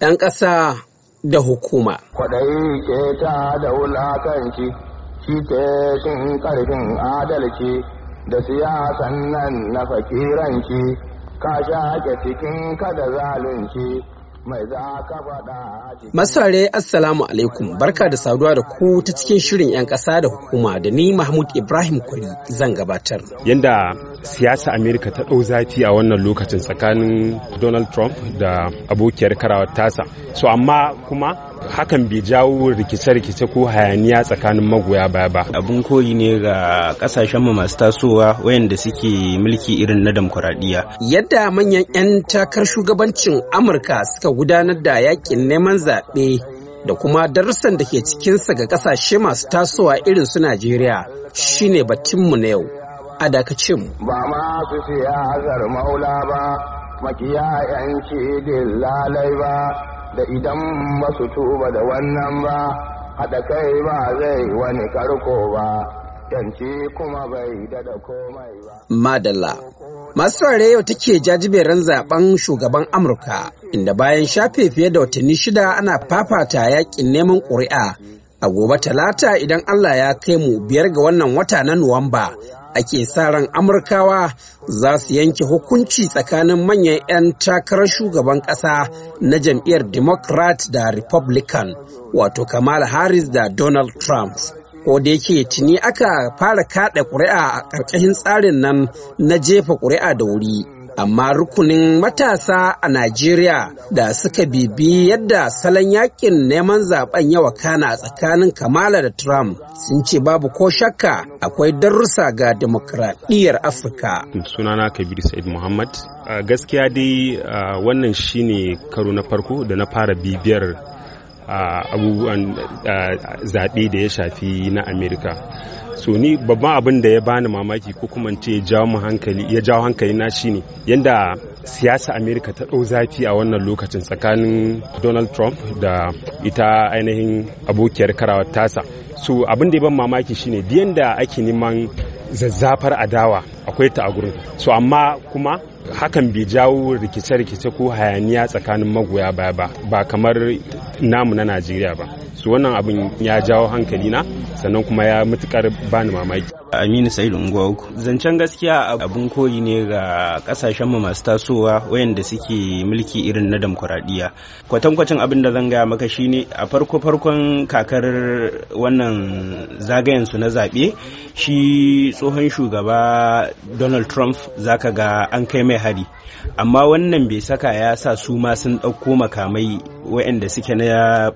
ɗan ƙasa da hukuma. Kwaɗayi ke ta da wulakanci, shi ke shin ƙarfin adalci da siyasan nan na fakiranci, ka shaƙe cikin kada zalunci. Masare Assalamu alaikum barka da saduwa da ku ta cikin shirin 'yan ƙasa da hukuma da ni Mahmud Ibrahim kuli zan gabatar. Yanda siyasa Amerika ta ɗau zafi a wannan lokacin tsakanin Donald Trump da abokiyar karawar tasa. So amma kuma hakan bai jawo rikice-rikice ko hayaniya tsakanin magoya baya ba abun koyi ne ga kasashen mu masu tasowa wayanda suke mulki irin na demokuraɗiyya yadda manyan 'yan takar shugabancin amurka suka gudanar da yakin neman zaɓe da kuma darussan da ke cikinsa ga kasashe masu tasowa irin su najeriya shine mu na yau a dakacin ba ma su siyasar maula ba makiya 'yanci dillalai ba da idan ba su tuba da wannan ba haɗa kai ba zai wani karko ba yanci kuma bai da komai ba. Madalla. Masu saurare yau take jajiberin zaben shugaban Amurka inda bayan shafe fiye da watanni shida ana fafata yakin neman ƙuri'a a gobe talata idan Allah ya kai mu biyar ga wannan wata na Nuwamba ake sa ran amurkawa za su yanke hukunci tsakanin manyan 'yan takarar shugaban kasa na jam'iyyar democrat da republican wato kamala harris da donald trump ko da yake tuni aka fara kada ƙuri'a a ƙarƙashin tsarin nan na jefa ƙuri'a da wuri amma rukunin matasa a Najeriya da suka bibi yadda salon yakin neman zaben yawa kana tsakanin Kamala da Trump sun ce babu ko shakka akwai darussa ga demokradiyyar Afirka. Sunana Kabir Said Muhammad. gaskiya dai wannan shine karo na farko da na fara bibiyar abubuwan zaɓe da ya shafi na amerika so ni babban abin da ya bani mamaki ko kuma ce ya jawo hankali na shine yadda siyasa amerika ta ɗau zafi a wannan lokacin tsakanin donald trump da ita ainihin abokiyar karawar tasa so abin da ya ban mamaki shine da ake neman zazzafar adawa akwai ta a gurin so amma kuma hakan bai jawo rikice-rikice ko hayaniya tsakanin magoya baya ba ba kamar namu na najeriya ba su wannan abin ya jawo hankali na sannan kuma ya matukar bani mamaki aminu sa'id unguwa zancen gaskiya abin koyi ne ga kasashen mu masu tasowa wayanda suke mulki irin na demokuraɗiyya kwatankwacin abin da zan gaya maka shine a farko farkon kakar wannan zagayen su na zaɓe shi tsohon shugaba donald trump zaka ga an kai mai kai amma wannan bai saka ya sa su ma sun ɗauko makamai waɗanda suke na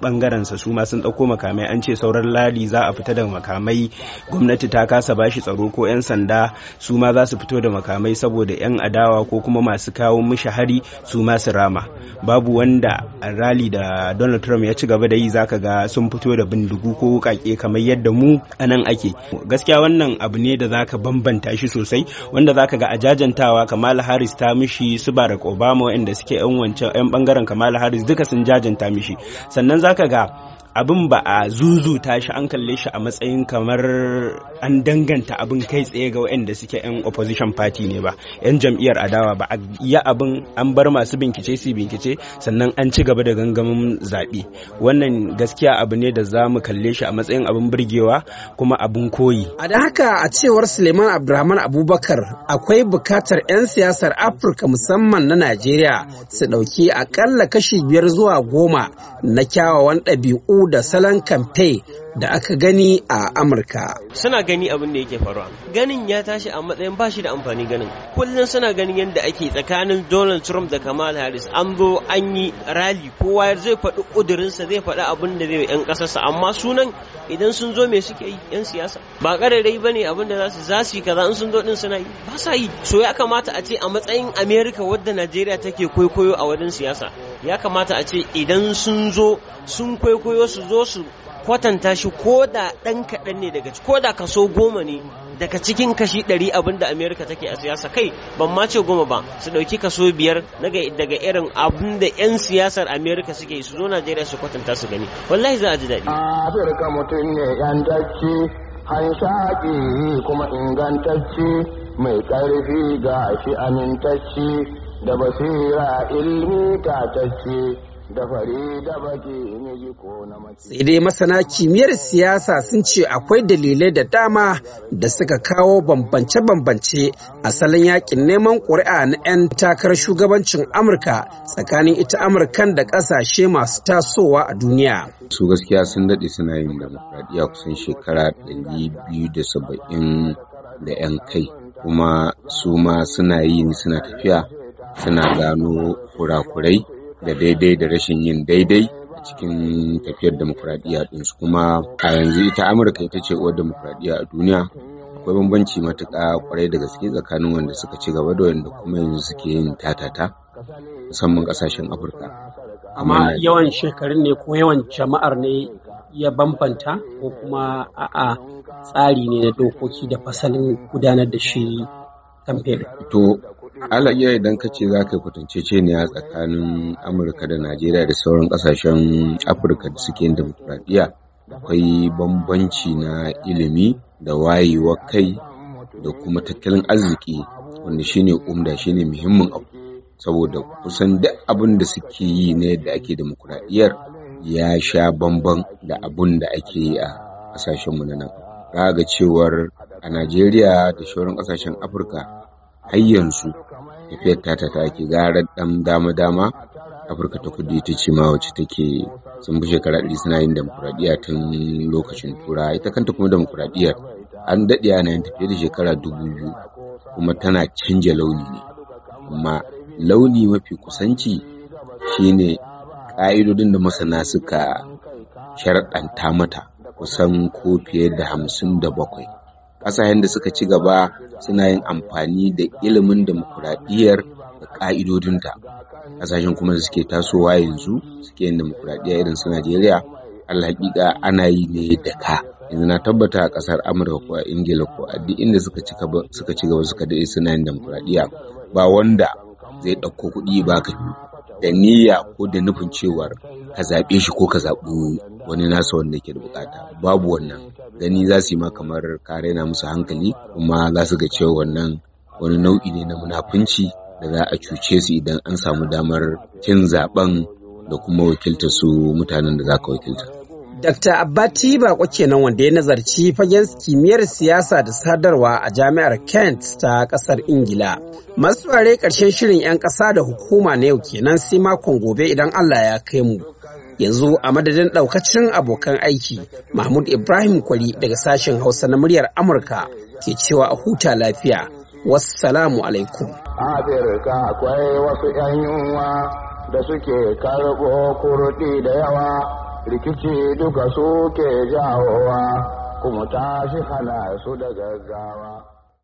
ɓangaren sa su ma sun ɗauko makamai an ce sauran lali za a fita da makamai gwamnati ta kasa bashi tsaro ko 'yan sanda su ma za su fito da makamai saboda 'yan adawa ko kuma masu kawo mishi hari su ma su rama babu wanda rali da donald trump ya ci gaba da yi za ka ga sun fito da bindigu ko wukake kamar yadda mu anan ake gaskiya wannan abu ne da za ka bambanta shi sosai wanda za ka ga a jajantawa kamala harris ta mishi shi su Barack Obama waɗanda suke 'yan wancan 'yan bangaren Kamala Harris duka sun jajanta mishi sannan zaka ga abin ba a zuzuta shi an kalle shi a matsayin kamar an danganta abin kai tsaye ga waɗanda suke 'yan opposition party ne ba 'yan jam'iyyar adawa ba a yi abin an bar masu bincike su bincike sannan an ci gaba da gangamin zaɓe wannan gaskiya abu ne da za mu kalle shi a matsayin abin burgewa kuma abin koyi a da haka a cewar suleiman abdulrahman abubakar akwai bukatar 'yan siyasar afirka musamman na najeriya su ɗauki akalla kashi biyar zuwa goma na kyawawan ɗabi'u da salon kamfe da aka gani a Amurka. Suna gani abin da yake faruwa. Ganin ya tashi a matsayin ba shi da amfani ganin. Kullum suna ganin yadda ake tsakanin Donald Trump da Kamala Harris. An zo an yi rali kowa zai faɗi ƙudurinsa zai faɗi abin da zai yan ƙasarsa amma sunan idan sun zo me suke yi yan siyasa. Ba ƙararrai ba ne abin da za su yi kaza in sun zo ɗin suna yi ba sa yi. So ya kamata a ce a matsayin Amerika wadda Najeriya take kwaikwayo a wajen siyasa. ya kamata a ce idan sun zo sun kwaikwayo su zo su kwatanta shi ko da ɗan kaɗan ne daga ko da kaso goma ne daga cikin kashi ɗari abin da amerika take a siyasa kai ban ma ce goma ba su ɗauki kaso biyar daga irin abin da 'yan siyasar amerika suke su zo najeriya su kwatanta su gani wallahi za a ji daɗi afirka mutum ne yantacci hanshaƙi kuma ingantacci mai ƙarfi ga shi amintacci da basira ilmi tatacce da fari da baki in ko na mace. Sai dai masana kimiyyar siyasa sun ce akwai dalilai da dama da suka kawo bambance-bambance a salon yakin neman ƙuri'a na 'yan takarar shugabancin Amurka tsakanin ita Amurkan da ƙasashe masu tasowa a duniya. Su gaskiya sun daɗe suna yin demokradiyya kusan shekara 270 da 'yan kai kuma su ma suna yi suna tafiya suna gano kurakurai da daidai da rashin yin daidai a cikin tafiyar demokuraɗiyya ɗinsu kuma a yanzu ita amurka ita ce uwar demokuraɗiyya a duniya akwai bambanci matuƙa kwarai da gaske tsakanin wanda suka ci gaba da wanda kuma yanzu suke yin tatata musamman ƙasashen afirka amma yawan shekarun ne ko yawan jama'ar ne ya bambanta ko kuma a'a tsari ne na dokoki da fasalin gudanar da shi to ala iya idan ka ce za ka kwatancece ne a tsakanin amurka da najeriya da sauran kasashen afirka da suke yin demokuraɗiyya akwai bambanci na ilimi da wayewa kai da kuma tattalin arziki wanda ne umda shine muhimmin abu saboda kusan duk abin da suke yi na yadda ake demokuraɗiyyar ya sha bamban da abin da ake yi a ƙasashenmu na nan ga cewar a Najeriya da shauran ƙasashen Afirka har yanzu tafiyar ta ta gara ɗan dama-dama Afirka ta kudu ita ce ma wacce take sun bi shekara ɗari suna yin demokuraɗiyya tun lokacin tura ita kanta kuma demokuraɗiyyar an daɗe ana yin tafiyar da shekara dubu biyu kuma tana canja launi ne amma launi mafi kusanci shine ƙa'idodin da masana suka sharaɗanta mata kusan ko fiye da hamsin da bakwai ƙasashen da suka ci gaba suna yin amfani da ilimin demokuraɗiyyar da ƙa'idodinta ƙasashen kuma da suke tasowa yanzu suke yin demokuraɗiyya irin su najeriya alhaƙiƙa ana yi ne da ka yanzu na tabbata a ƙasar amurka ko a ingila ko a duk inda suka ci gaba suka daɗe suna yin demokuraɗiyya ba wanda zai ɗauko kuɗi ba ka da niyya ko da nufin cewar ka zaɓe shi ko ka zaɓi wani nasa wanda yake da bukata babu wannan gani za su yi ma kamar ka raina musu hankali kuma za su ga cewa wannan wani nau'i ne na munafunci da za a cuce su idan an samu damar cin zaben da kuma wakilta su mutanen da za ka wakilta. Dr. Abati Bako kenan wanda ya nazarci fagen kimiyyar siyasa da sadarwa a jami'ar Kent ta kasar Ingila. Masu ƙarshen shirin 'yan ƙasa da hukuma na yau kenan sai makon gobe idan Allah ya kai mu. yanzu a madadin daukacin abokan aiki mahmud ibrahim kwari daga sashen hausa na muryar amurka ke cewa a huta lafiya wassalamu alaikum afirka akwai wasu 'yan yunwa da suke karɓo kurɗi da yawa rikici duka suke jawowa kuma tashi hana su da gaggawa